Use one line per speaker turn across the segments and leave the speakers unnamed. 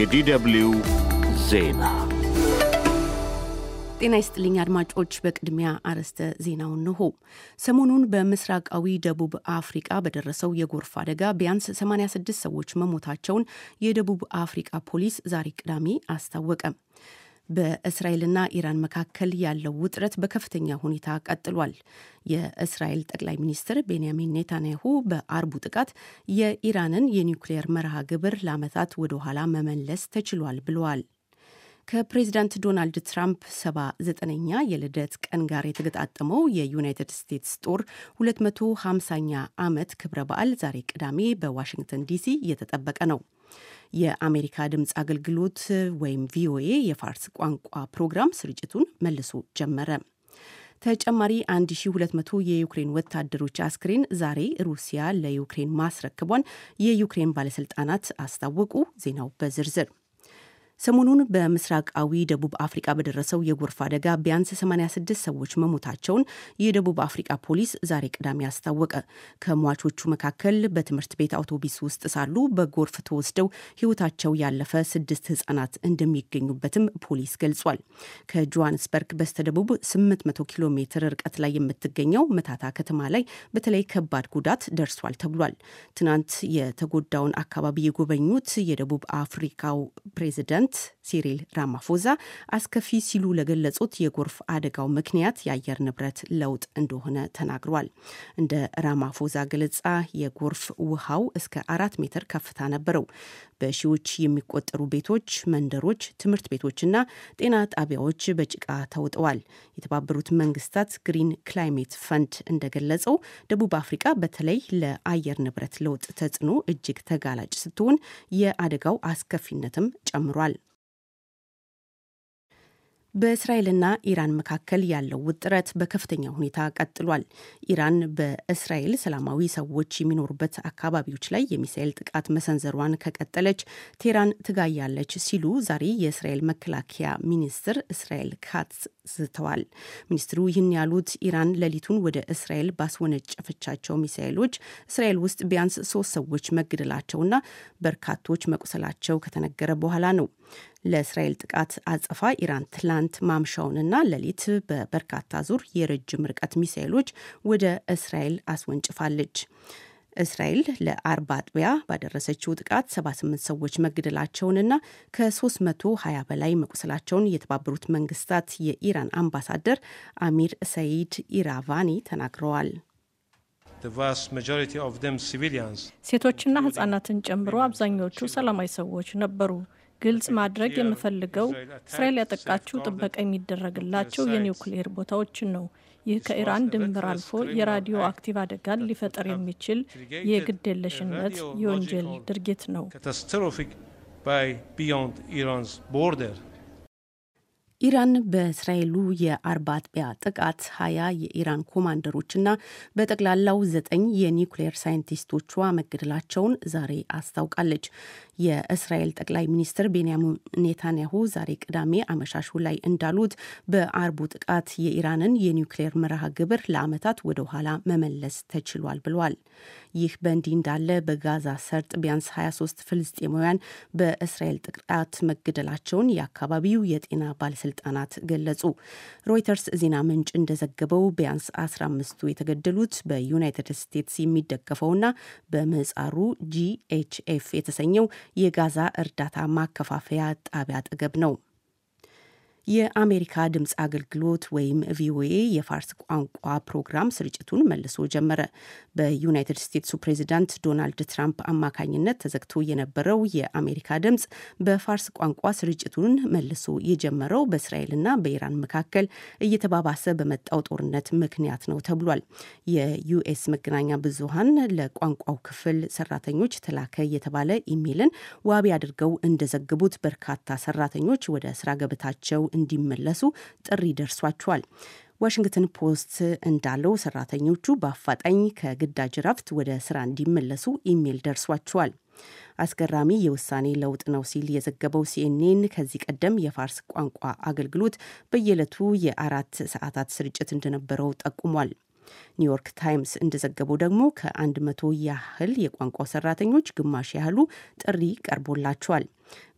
የዲደብልዩ ዜና ጤና ይስጥልኝ አድማጮች። በቅድሚያ አርዕስተ ዜናውን እንሆ። ሰሞኑን በምስራቃዊ ደቡብ አፍሪቃ በደረሰው የጎርፍ አደጋ ቢያንስ 86 ሰዎች መሞታቸውን የደቡብ አፍሪቃ ፖሊስ ዛሬ ቅዳሜ አስታወቀ። በእስራኤልና ኢራን መካከል ያለው ውጥረት በከፍተኛ ሁኔታ ቀጥሏል። የእስራኤል ጠቅላይ ሚኒስትር ቤንያሚን ኔታንያሁ በአርቡ ጥቃት የኢራንን የኒውክሌየር መርሃ ግብር ለዓመታት ወደ ኋላ መመለስ ተችሏል ብለዋል። ከፕሬዚዳንት ዶናልድ ትራምፕ 79ኛ የልደት ቀን ጋር የተገጣጠመው የዩናይትድ ስቴትስ ጦር 250ኛ ዓመት ክብረ በዓል ዛሬ ቅዳሜ በዋሽንግተን ዲሲ እየተጠበቀ ነው። የአሜሪካ ድምፅ አገልግሎት ወይም ቪኦኤ የፋርስ ቋንቋ ፕሮግራም ስርጭቱን መልሶ ጀመረ። ተጨማሪ 1200 የዩክሬን ወታደሮች አስክሬን ዛሬ ሩሲያ ለዩክሬን ማስረክቧን የዩክሬን ባለስልጣናት አስታወቁ። ዜናው በዝርዝር ሰሞኑን በምስራቃዊ ደቡብ አፍሪቃ በደረሰው የጎርፍ አደጋ ቢያንስ 86 ሰዎች መሞታቸውን የደቡብ አፍሪቃ ፖሊስ ዛሬ ቅዳሜ አስታወቀ። ከሟቾቹ መካከል በትምህርት ቤት አውቶቡስ ውስጥ ሳሉ በጎርፍ ተወስደው ሕይወታቸው ያለፈ ስድስት ህጻናት እንደሚገኙበትም ፖሊስ ገልጿል። ከጆሃንስበርግ በስተደቡብ 800 ኪሎ ሜትር ርቀት ላይ የምትገኘው መታታ ከተማ ላይ በተለይ ከባድ ጉዳት ደርሷል ተብሏል። ትናንት የተጎዳውን አካባቢ የጎበኙት የደቡብ አፍሪካው ፕሬዚደንት ፕሬዝዳንት ሲሪል ራማፎዛ አስከፊ ሲሉ ለገለጹት የጎርፍ አደጋው ምክንያት የአየር ንብረት ለውጥ እንደሆነ ተናግሯል። እንደ ራማፎዛ ገለጻ የጎርፍ ውሃው እስከ አራት ሜትር ከፍታ ነበረው። በሺዎች የሚቆጠሩ ቤቶች፣ መንደሮች፣ ትምህርት ቤቶችና ጤና ጣቢያዎች በጭቃ ተውጠዋል። የተባበሩት መንግስታት ግሪን ክላይሜት ፈንድ እንደገለጸው ደቡብ አፍሪቃ በተለይ ለአየር ንብረት ለውጥ ተጽዕኖ እጅግ ተጋላጭ ስትሆን የአደጋው አስከፊነትም ጨምሯል። በእስራኤልና ኢራን መካከል ያለው ውጥረት በከፍተኛ ሁኔታ ቀጥሏል። ኢራን በእስራኤል ሰላማዊ ሰዎች የሚኖሩበት አካባቢዎች ላይ የሚሳኤል ጥቃት መሰንዘሯን ከቀጠለች ቴራን ትጋያለች ሲሉ ዛሬ የእስራኤል መከላከያ ሚኒስትር እስራኤል ካትስ ዝተዋል። ሚኒስትሩ ይህን ያሉት ኢራን ሌሊቱን ወደ እስራኤል ባስወነጨፈቻቸው ሚሳኤሎች እስራኤል ውስጥ ቢያንስ ሶስት ሰዎች መገደላቸውና በርካቶች መቁሰላቸው ከተነገረ በኋላ ነው። ለእስራኤል ጥቃት አጸፋ ኢራን ትላንት ማምሻውንና ሌሊት በበርካታ ዙር የረጅም ርቀት ሚሳይሎች ወደ እስራኤል አስወንጭፋለች። እስራኤል ለአርባ አጥቢያ ባደረሰችው ጥቃት 78 ሰዎች መገደላቸውንና ከ320 በላይ መቁሰላቸውን የተባበሩት መንግስታት የኢራን አምባሳደር አሚር ሰይድ ኢራቫኒ ተናግረዋል። ሴቶችና ህጻናትን ጨምሮ አብዛኛዎቹ ሰላማዊ ሰዎች ነበሩ። ግልጽ ማድረግ የምፈልገው እስራኤል ያጠቃችው ጥበቃ የሚደረግላቸው የኒውክሌር ቦታዎችን ነው። ይህ ከኢራን ድንበር አልፎ የራዲዮ አክቲቭ አደጋን ሊፈጠር የሚችል የግዴለሽነት የወንጀል ድርጊት ነው። ኢራን በእስራኤሉ የአርባ አጥቢያ ጥቃት ሀያ የኢራን ኮማንደሮችና በጠቅላላው ዘጠኝ የኒውክሌር ሳይንቲስቶቿ መገደላቸውን ዛሬ አስታውቃለች። የእስራኤል ጠቅላይ ሚኒስትር ቤንያሚን ኔታንያሁ ዛሬ ቅዳሜ አመሻሹ ላይ እንዳሉት በአርቡ ጥቃት የኢራንን የኒውክሌር መርሃ ግብር ለዓመታት ወደ ኋላ መመለስ ተችሏል ብሏል። ይህ በእንዲህ እንዳለ በጋዛ ሰርጥ ቢያንስ 23 ፍልስጤማውያን በእስራኤል ጥቃት መገደላቸውን የአካባቢው የጤና ባለስልጣናት ገለጹ። ሮይተርስ ዜና ምንጭ እንደዘገበው ቢያንስ 15ቱ የተገደሉት በዩናይትድ ስቴትስ የሚደገፈውና በምህጻሩ ጂኤችኤፍ የተሰኘው የጋዛ እርዳታ ማከፋፈያ ጣቢያ አጠገብ ነው። የአሜሪካ ድምፅ አገልግሎት ወይም ቪኦኤ የፋርስ ቋንቋ ፕሮግራም ስርጭቱን መልሶ ጀመረ። በዩናይትድ ስቴትሱ ፕሬዚዳንት ዶናልድ ትራምፕ አማካኝነት ተዘግቶ የነበረው የአሜሪካ ድምፅ በፋርስ ቋንቋ ስርጭቱን መልሶ የጀመረው በእስራኤልና በኢራን መካከል እየተባባሰ በመጣው ጦርነት ምክንያት ነው ተብሏል። የዩኤስ መገናኛ ብዙሃን ለቋንቋው ክፍል ሰራተኞች ተላከ የተባለ ኢሜልን ዋቢ አድርገው እንደዘግቡት በርካታ ሰራተኞች ወደ ስራ ገበታቸው እንዲመለሱ ጥሪ ደርሷቸዋል። ዋሽንግተን ፖስት እንዳለው ሰራተኞቹ በአፋጣኝ ከግዳጅ ረፍት ወደ ስራ እንዲመለሱ ኢሜይል ደርሷቸዋል። አስገራሚ የውሳኔ ለውጥ ነው ሲል የዘገበው ሲኤንኤን ከዚህ ቀደም የፋርስ ቋንቋ አገልግሎት በየዕለቱ የአራት ሰዓታት ስርጭት እንደነበረው ጠቁሟል። ኒውዮርክ ታይምስ እንደዘገበው ደግሞ ከአንድ መቶ ያህል የቋንቋው ሰራተኞች ግማሽ ያህሉ ጥሪ ቀርቦላቸዋል።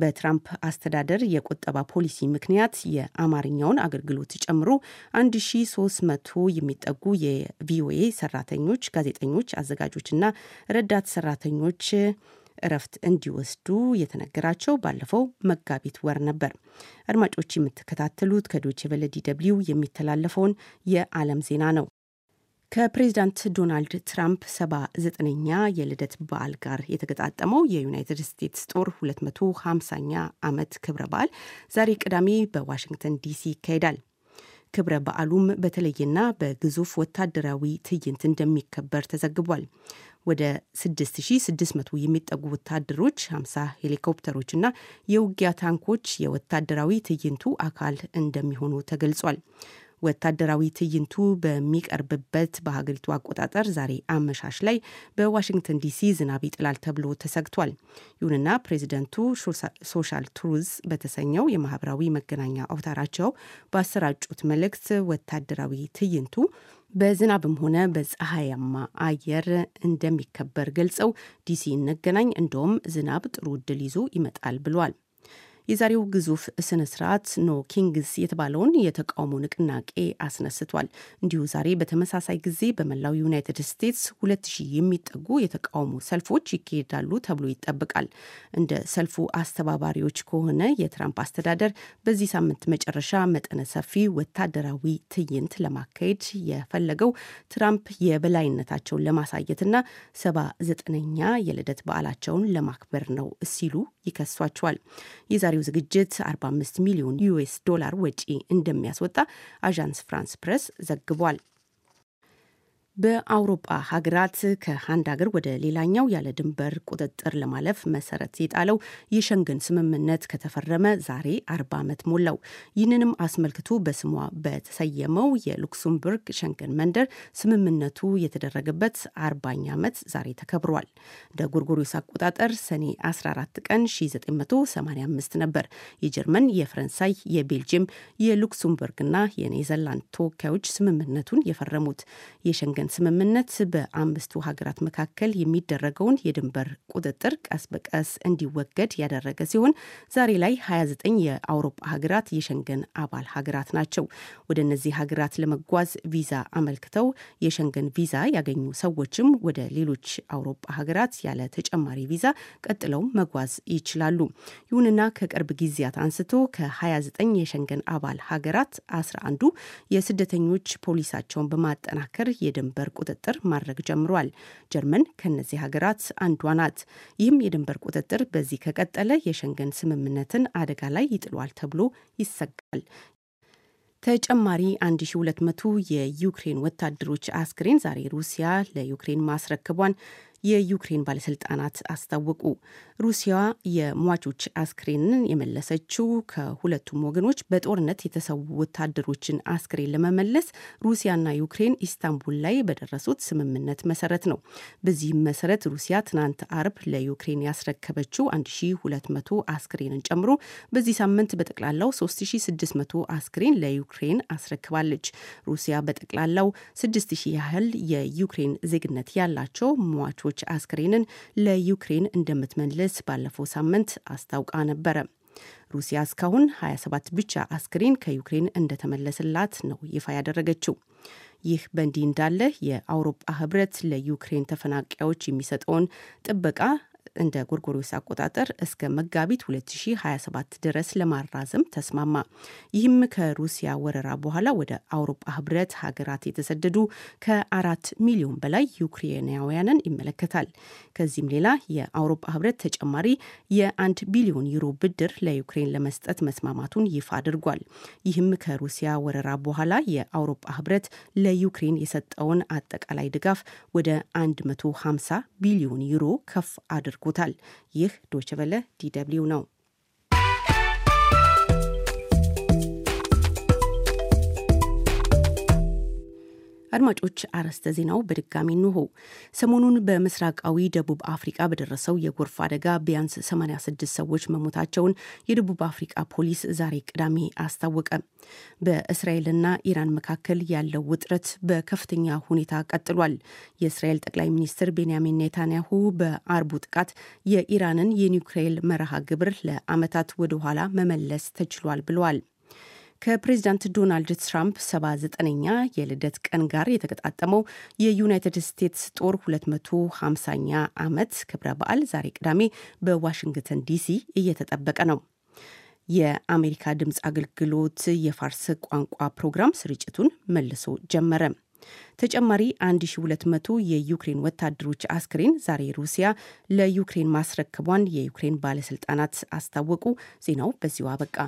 በትራምፕ አስተዳደር የቁጠባ ፖሊሲ ምክንያት የአማርኛውን አገልግሎት ጨምሮ 1300 የሚጠጉ የቪኦኤ ሰራተኞች፣ ጋዜጠኞች፣ አዘጋጆችና ረዳት ሰራተኞች እረፍት እንዲወስዱ የተነገራቸው ባለፈው መጋቢት ወር ነበር። አድማጮች የምትከታተሉት ከዶቼ ቬለ ዲ ደብልዩ የሚተላለፈውን የዓለም ዜና ነው። ከፕሬዚዳንት ዶናልድ ትራምፕ 79ኛ የልደት በዓል ጋር የተገጣጠመው የዩናይትድ ስቴትስ ጦር 250ኛ ዓመት ክብረ በዓል ዛሬ ቅዳሜ በዋሽንግተን ዲሲ ይካሄዳል። ክብረ በዓሉም በተለየና በግዙፍ ወታደራዊ ትዕይንት እንደሚከበር ተዘግቧል። ወደ 6600 የሚጠጉ ወታደሮች፣ 50 እና የውጊያ ታንኮች የወታደራዊ ትዕይንቱ አካል እንደሚሆኑ ተገልጿል። ወታደራዊ ትዕይንቱ በሚቀርብበት በሀገሪቱ አቆጣጠር ዛሬ አመሻሽ ላይ በዋሽንግተን ዲሲ ዝናብ ይጥላል ተብሎ ተሰግቷል። ይሁንና ፕሬዚደንቱ ሶሻል ትሩዝ በተሰኘው የማህበራዊ መገናኛ አውታራቸው ባሰራጩት መልእክት ወታደራዊ ትዕይንቱ በዝናብም ሆነ በፀሐያማ አየር እንደሚከበር ገልጸው ዲሲ እንገናኝ፣ እንደውም ዝናብ ጥሩ እድል ይዞ ይመጣል ብሏል። የዛሬው ግዙፍ ስነ ስርዓት ኖ ኪንግስ የተባለውን የተቃውሞ ንቅናቄ አስነስቷል። እንዲሁ ዛሬ በተመሳሳይ ጊዜ በመላው ዩናይትድ ስቴትስ ሁለት ሺህ የሚጠጉ የተቃውሞ ሰልፎች ይካሄዳሉ ተብሎ ይጠበቃል። እንደ ሰልፉ አስተባባሪዎች ከሆነ የትራምፕ አስተዳደር በዚህ ሳምንት መጨረሻ መጠነ ሰፊ ወታደራዊ ትዕይንት ለማካሄድ የፈለገው ትራምፕ የበላይነታቸውን ለማሳየትና ሰባ ዘጠነኛ የልደት በዓላቸውን ለማክበር ነው ሲሉ ይከሷቸዋል። የዛሬ ለዛሬው ዝግጅት 45 ሚሊዮን ዩኤስ ዶላር ወጪ እንደሚያስወጣ አዣንስ ፍራንስ ፕሬስ ዘግቧል። በአውሮፓ ሀገራት ከአንድ ሀገር ወደ ሌላኛው ያለ ድንበር ቁጥጥር ለማለፍ መሰረት የጣለው የሸንገን ስምምነት ከተፈረመ ዛሬ አርባ ዓመት ሞላው። ይህንንም አስመልክቶ በስሟ በተሰየመው የሉክስምበርግ ሸንገን መንደር ስምምነቱ የተደረገበት አርባኛ ዓመት ዛሬ ተከብሯል። እንደ ጎርጎሪስ አቆጣጠር ሰኔ 14 ቀን 1985 ነበር የጀርመን፣ የፈረንሳይ፣ የቤልጅየም፣ የሉክስምበርግና የኔዘርላንድ ተወካዮች ስምምነቱን የፈረሙት የሸንገን የሰላም ስምምነት በአምስቱ ሀገራት መካከል የሚደረገውን የድንበር ቁጥጥር ቀስ በቀስ እንዲወገድ ያደረገ ሲሆን ዛሬ ላይ 29 የአውሮፓ ሀገራት የሸንገን አባል ሀገራት ናቸው። ወደ እነዚህ ሀገራት ለመጓዝ ቪዛ አመልክተው የሸንገን ቪዛ ያገኙ ሰዎችም ወደ ሌሎች አውሮፓ ሀገራት ያለ ተጨማሪ ቪዛ ቀጥለው መጓዝ ይችላሉ። ይሁንና ከቅርብ ጊዜያት አንስቶ ከ29 የሸንገን አባል ሀገራት 11ዱ የስደተኞች ፖሊሳቸውን በማጠናከር የድንበር የድንበር ቁጥጥር ማድረግ ጀምሯል። ጀርመን ከእነዚህ ሀገራት አንዷ ናት። ይህም የድንበር ቁጥጥር በዚህ ከቀጠለ የሸንገን ስምምነትን አደጋ ላይ ይጥሏል ተብሎ ይሰጋል። ተጨማሪ 1200 የዩክሬን ወታደሮች አስክሬን ዛሬ ሩሲያ ለዩክሬን ማስረክቧን የዩክሬን ባለስልጣናት አስታወቁ። ሩሲያ የሟቾች አስክሬንን የመለሰችው ከሁለቱም ወገኖች በጦርነት የተሰዉ ወታደሮችን አስክሬን ለመመለስ ሩሲያና ዩክሬን ኢስታንቡል ላይ በደረሱት ስምምነት መሰረት ነው። በዚህም መሰረት ሩሲያ ትናንት አርብ ለዩክሬን ያስረከበችው 1200 አስክሬንን ጨምሮ በዚህ ሳምንት በጠቅላላው 3600 አስክሬን ለዩክሬን አስረክባለች። ሩሲያ በጠቅላላው 6000 ያህል የዩክሬን ዜግነት ያላቸው ሟቾች የሟቾች አስክሬንን ለዩክሬን እንደምትመልስ ባለፈው ሳምንት አስታውቃ ነበረ። ሩሲያ እስካሁን 27 ብቻ አስክሬን ከዩክሬን እንደተመለስላት ነው ይፋ ያደረገችው። ይህ በእንዲህ እንዳለ የአውሮፓ ህብረት ለዩክሬን ተፈናቃዮች የሚሰጠውን ጥበቃ እንደ ጎርጎሮስ አቆጣጠር እስከ መጋቢት 2027 ድረስ ለማራዘም ተስማማ። ይህም ከሩሲያ ወረራ በኋላ ወደ አውሮፓ ህብረት ሀገራት የተሰደዱ ከአራት ሚሊዮን በላይ ዩክሬናውያንን ይመለከታል። ከዚህም ሌላ የአውሮፓ ህብረት ተጨማሪ የአንድ ቢሊዮን ዩሮ ብድር ለዩክሬን ለመስጠት መስማማቱን ይፋ አድርጓል። ይህም ከሩሲያ ወረራ በኋላ የአውሮፓ ህብረት ለዩክሬን የሰጠውን አጠቃላይ ድጋፍ ወደ 150 ቢሊዮን ዩሮ ከፍ አድርጓል። ያደርጉታል። ይህ ዶችቨለ ዲደብሊው ነው። አድማጮች አርዕስተ ዜናው በድጋሚ እንሆ። ሰሞኑን በምስራቃዊ ደቡብ አፍሪቃ በደረሰው የጎርፍ አደጋ ቢያንስ 86 ሰዎች መሞታቸውን የደቡብ አፍሪቃ ፖሊስ ዛሬ ቅዳሜ አስታወቀ። በእስራኤልና ኢራን መካከል ያለው ውጥረት በከፍተኛ ሁኔታ ቀጥሏል። የእስራኤል ጠቅላይ ሚኒስትር ቤንያሚን ኔታንያሁ በአርቡ ጥቃት የኢራንን የኒውክሌር መርሃ ግብር ለዓመታት ወደ ኋላ መመለስ ተችሏል ብለዋል። ከፕሬዚዳንት ዶናልድ ትራምፕ 79ኛ የልደት ቀን ጋር የተገጣጠመው የዩናይትድ ስቴትስ ጦር 250ኛ ዓመት ክብረ በዓል ዛሬ ቅዳሜ በዋሽንግተን ዲሲ እየተጠበቀ ነው። የአሜሪካ ድምፅ አገልግሎት የፋርስ ቋንቋ ፕሮግራም ስርጭቱን መልሶ ጀመረ። ተጨማሪ 1200 የዩክሬን ወታደሮች አስክሬን ዛሬ ሩሲያ ለዩክሬን ማስረከቧን የዩክሬን ባለስልጣናት አስታወቁ። ዜናው በዚሁ አበቃ።